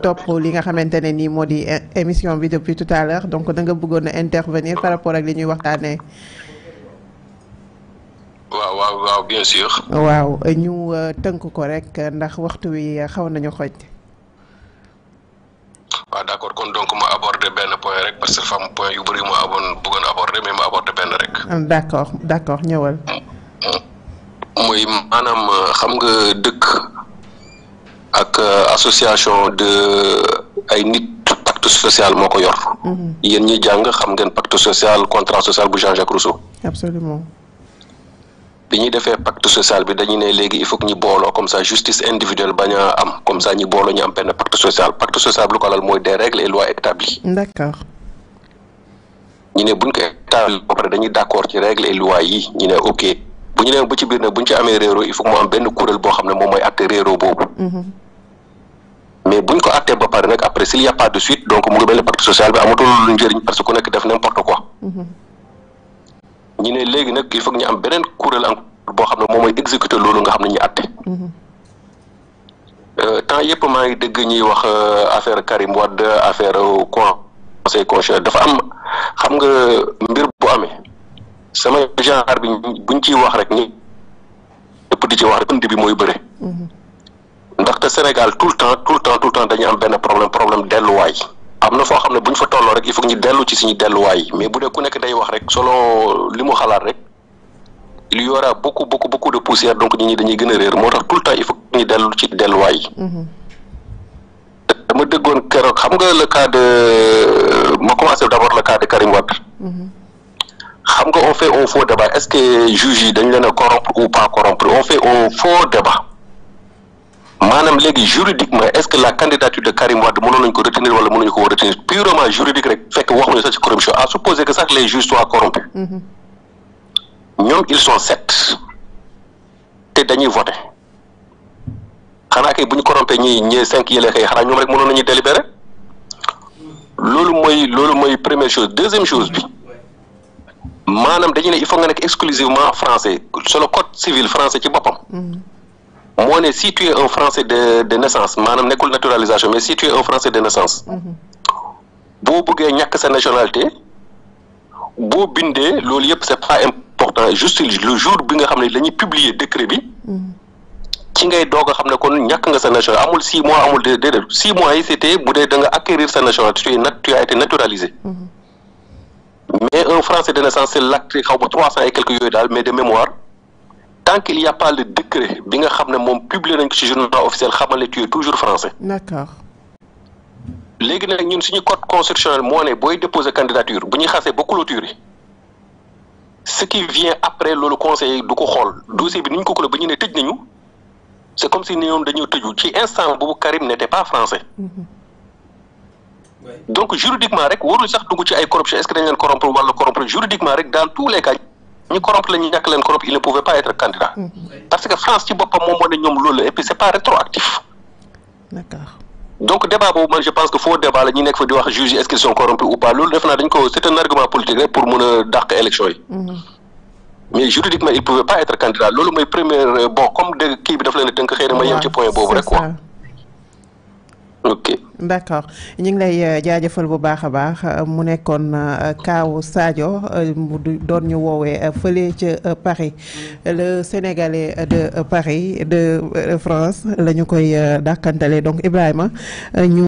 top li nga xamantene ni modi eh, émission bi depuis tout à l'heure donc da nga bëggone intervenir par rapport ak li ñuy waxtane waaw waaw waaw bien sûr waaw ñu teunk ko rek ndax waxtu wi xaw nañu xoj wa d'accord kon donc ma aborder ben point rek parce que fam point yu bari mo abon bëggone aborder mais ma aborder ben rek ah, d'accord d'accord ñëwal moy manam euh, xam nga dëkk ak euh, association de ay nit pacte sociale moo ko yor. Mm-hmm. yéen ñi jàng xam ngeen pacte social contrat social bu Jean-Jacques Rousseau. bi ñuy defee pacte social bi dañu ne léegi il faut que ñu booloo comme ça justice individuelle bañ a am comme ça ñu booloo ñu am benn pacte social pacte social bi lu ko lal mooy des règles et lois établies. ñu ne buñ ko établi ba pare dañuy d'accord ci règles et lois yi ñu ne ok bu ñu nee bu ci biir nag bu ñu ci amee réero il faut que am benn kuréel boo xam ne moom mooy acte réero boobu. Mm-hmm. mais buñ ko àttee ba pare nag après s'il y a pas de suite donc mu ngi mel parce que nekk def n'importe quoi. Mm-hmm. ñu ne léegi nag il faut ñu am beneen kuréel encore boo xam ne moom mooy exécuter loolu nga xam ne ñu mm-hmm. euh, temps yëpp maa ngi dégg ñuy wax euh, affaire Karim Wade affaire conseil constitutionnel dafa am xam nga mbir bu amee sama genre bi buñ ciy wax rek ñëpp di ci wax rek ënd bi mooy que Sénégal tout le temps tout le temps tout le temps dañu am benn problème problème delluwaay am na foo xam ne bu ñu fa tolloo rek il faut ñu dellu ci suñu delluwaay mais bu dee ku nekk day wax rek solo li mu xalaat rek il y aura beaucoup beaucoup beaucoup de poussière donc nit ñi dañuy gën a réer moo tax tout le temps il faut ñu dellu ci delluwaay. dama mhm. déggoon keroog xam nga le cas de ma commencé d' abord le cas de Karim Wade. Mhm. xam nga on fait un faux débat est ce que juge yi dañ leen a corrompre ou pas corrompre on fait un faux débat. maanaam léegi juridiquement est-ce que la candidature de Karim Wade mënoon nañu ko retenir wala mënuñu ko war retenir purement juridique rek fekk waxuñu sax ci corruption à supposer que sax les juges soient corrompus. Mhm. ñoom ils sont sept te dañuy voté xanaa kay bu ñu corrompé ñi ñee cinq yële kay xanaa ñoom rek mënoon nañu délibéré loolu mooy loolu mooy première chose deuxième chose bi maanaam dañu ne il faut nga nekk exclusivement français sur le code civil français ci boppam. Mhm. Hein? Moi, ne si tu es un français de de naissance manam nekul naturalisation mais si tu es un français de naissance. Mm-hmm. bo bëggee ñak sa nationalité bo bindé lool yëpp c'est pas important juste le jour bi nga xamné lañuy publier décret bi. Mm-hmm. ci ngay doog xamné kon ñak nga sa nationalité amul 6 mois amul dédé 6 mois c'était boudé da nga acquérir sa nationalité tu es nat tu as été naturalisé. Mm-hmm. mais un français de naissance c'est l'acte xaw 300 trois et quelques yooyu daal mais de mémoire tant qu'il n'y a pas le décret bi nga xam ne moom publié ci journal officiel xamal tu es toujours français. d'accord. léegi nag ñun suñu code constitutionnel moo ne booy déposer candidature bu ñuy beaucoup ba clôturer ce qui vient après le conseil du ko dossier bi ni ñu ko clôturé ne nañu c'est comme si ñoom dañoo tëju ci instant boobu Karim n'était pas français. Mm-hmm. donc juridiquement rek warul sax dugg ci ay corruption est-ce que dañ leen corrompre wala corrompre juridiquement rek dans tous les cas corrompre il ne pouvait pas être candidat. Mm-hmm. parce que France et puis c'est pas rétroactif. donc débat je pense que faut débat les est-ce qu'ils sont corrompus ou pas c'est un argument politique pour mon élection mm-hmm. mais juridiquement il pouvait pas être candidat euh, bon comme de ok. d'accord ñu ngi lay euh, jaajëfal bu baax a baax euh, mu nekkoon euh, kaaw Sadio mu doon ñu woowee fële ca Paris le Sénégalais de Paris de France la ñu koy dàkkantale donc Ibrahima